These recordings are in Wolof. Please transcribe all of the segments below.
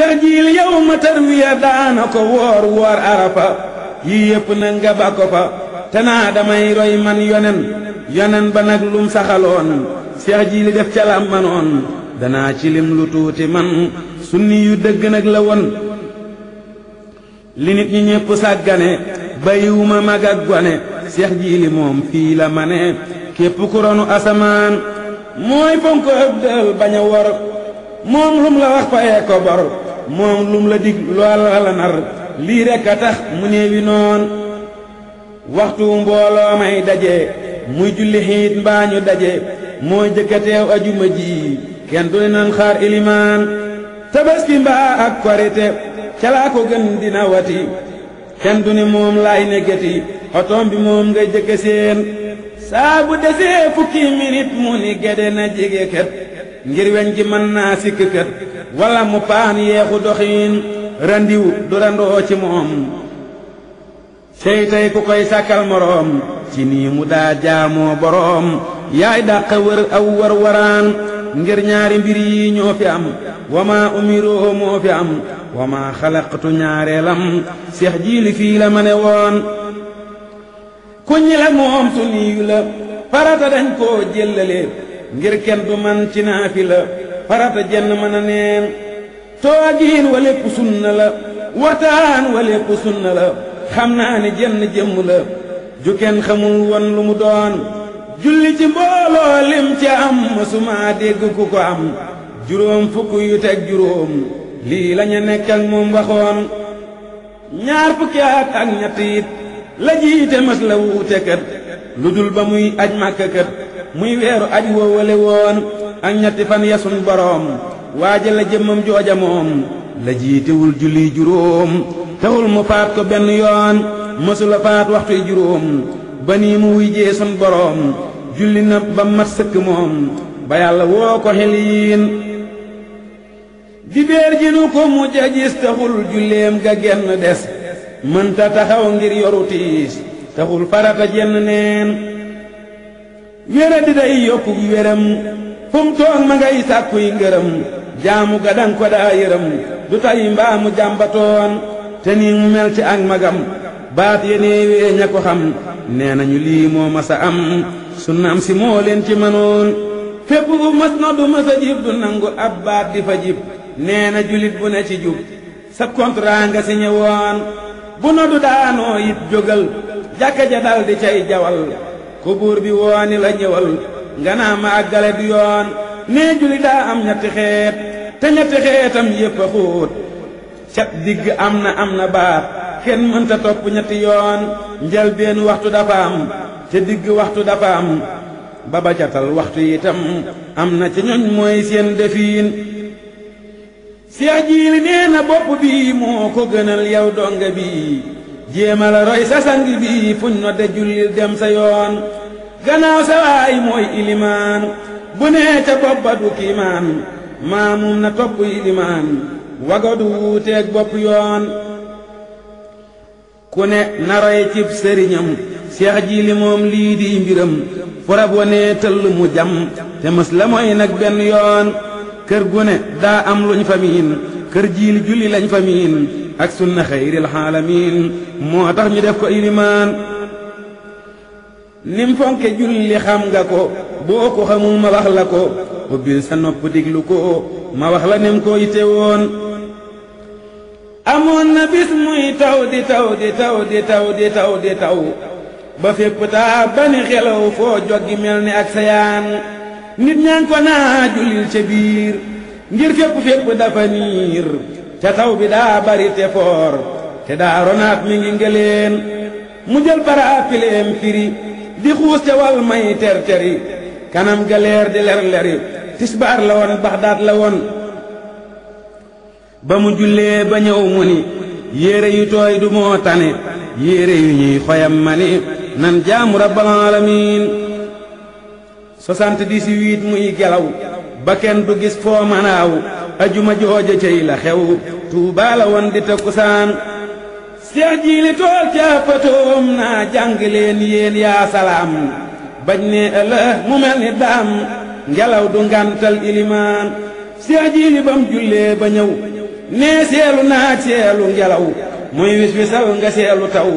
terjiil yow ma tarwiya daana ko woor woor arafa yii yépp nag nga ba ko fa te naa damay roy man yonen yonen ba nag lum saxaloon seex jiili def ca manoon danaa ci lim lu tuuti man sunni yu dëgg nag la won li nit ñi ñépp sàggane bayiwuma mag ak gone seex jiili moom fii la ma ne asamaan mooy fonko ëb dël bañ wor moom lum la wax payee ko bor moom lum la dig la nar lii rekk a tax mu néewi noon waxtu mbooloo daje muy julli xiit mbaa daje moo jëkka teew ajuma ji kenn du ne nan xaar ilimaan tabaski mbaa ak korite calaa ko gën dina wati kenn du moom laay neggati otoom bi moom nga jëkka seen saa bu desee mu ni gede na jege kat ngir weñ gi mën naa sikk kat wala mu paan yeexu doxiin randiw du randoo ci moom tey tey ku koy sàkkal moroom ci nii mu daa jaamoo boroom yaay dàq wër aw war waraan ngir ñaari mbir yi ñoo fi am wama umiroo moo fi am wama xalaqtu ñaareelam seex jiili fii la ma ne woon ku ñi moom su niyu la farata dañ koo jëllale ngir kenn man ci naafi la farata jenn mën a neen toogiin wa lépp sunna la wataan wa lépp sunna xam naa ne jenn jëmm la ju kenn xamul woon lu mu doon julli ci mbooloo lim ci am masumaa dégg ku ko am juróom fukk yu teg juróom lii lañu nekk moom waxoon ñaar fukki at ak ñett la jiite mas la wuute lu dul ba muy aj màkk kat muy weeru aj woowale woon ak fan ya suñ boroom waaja la jëmmam jooja moom la jiitewul julli juróom taxul mu faat ko benn yoon mësula faat waxtuy juróom ba nii jee suñ boroom julli na ba mat sëkk moom ba yàlla woo ko xeliin dibéer ji nu ko mujj a taxul julleem ga genn des mënta taxaw ngir yoru tiis taxul farata jenn neen wéra day yokku wéram fu mu toog ma ngay sàkkuy ngërëm jaamu ga ko daa yërëm du tay mbaa mu jàmbatoon te nii mu mel ci ak magam baat yeneewee ña ko xam nee nañu lii moo masa am sunnaam si moo leen ci mënoon fépp bu mas na du masa jib du nangu ab baat di fa jib na julit bu ne ci jub sa contrat nga si ñëwoon bu noddu daanoo it jógal jàkka ja dal di jawal ku buur bi wooni la ñëwal nga naa ma àggale du yoon nee julli daa am ñetti xeet te ñetti xeetam yépp a xóot cat digg am na am na baat kenn mënta topp ñetti yoon njëlbeen waxtu dafa am ca digg waxtu dafa am baba jatal waxtu itam am na ca ñoñ mooy seen defiin seex jiili nee na bopp bii moo ko gënal yow donga bii jéemal roy sa sang bii fuñ nodde julli dem sa yoon gannaaw sawaay mooy ilimaan bu nee ca bopp ba du kiimaan maamum na topp ilimaan wagadu wuuteeg bopp yoon ku ne naroy cib sëriñam seex ji li moom lii di mbiram forab wanee tëll mu jam te mës la mooy nag benn yoon kër gu ne am luñ fa miin kër jiil julli lañ fa miin ak sunna xayril xaalamiin moo tax ñu def ko ilimaan nim fonke julli xam nga ko boo ko xamul ma wax la ko ubbil sa nopp diglu ko ma wax la nim ko ite woon amoon na bis muy taw di taw di taw di taw di taw di taw ba fépp taa bani xelaw foo joggi mel ni ak sayaan nit ñaa ko naa jullil ca ngir fépp fépp dafa niir ca taw bi daa bari te foor te daa ronaat mi ngi ngeleen mu jël bara pileem firi di xuus ca wal may ter teri kanam ga leer di ler leri tisbaar la woon baxdaat la woon ba mu jullee ba ñëw mu ni yére yu tooy du moo tane yére yu ñuy xoyam ma ni nan jaamu rabbal alamin 78 muy gelaw ba kenn du gis foo manaaw ajuma jooja cey la xew tuubaa la woon di takkusaan seex jiili tool ca na na jàng leen yéen salam salaam bañ mu melni ni daam ngelaw du ngantal iliman seex jiili bam julé ba ñew né selu na seelu ngelaw muy wis saw nga selu taw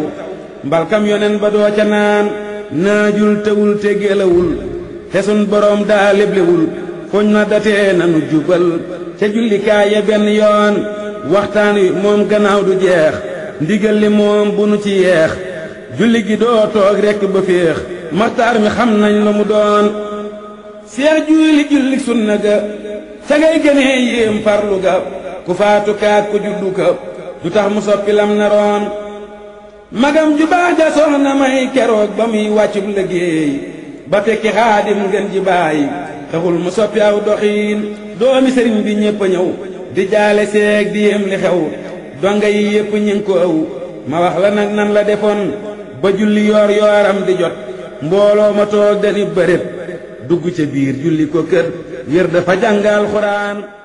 kam yonen ba do ca naan jul tawul te gelawul te sun borom daa leblewul na daté nañu jubal ca jullikaay ya ben yoon waxtani mom gannaaw du jeex ndigal li moom bu nu ci yeex julli gi doo toog rekk ba féex maxtaar mi xam nañ la mu doon seex julli julli sunna ga ca ngay yéem farlu ga ku faatukaat ku juddu ka du tax mu soppi lam naroon magam ju ja soxna may keroog ba muy wàccub liggéey ba tekki xaadim ngeen ji bàyyi mu soppi aw doxiin doomi sëriñ bi ñépp a di jaale seeg di yéem li xew donga yi yépp ñi ko ëw ma wax la nag nan la defoon ba julli yoor yooram di jot mbooloo ma toog dani bërét dugg ca biir julli ko kër wér dafa jàngal xuraan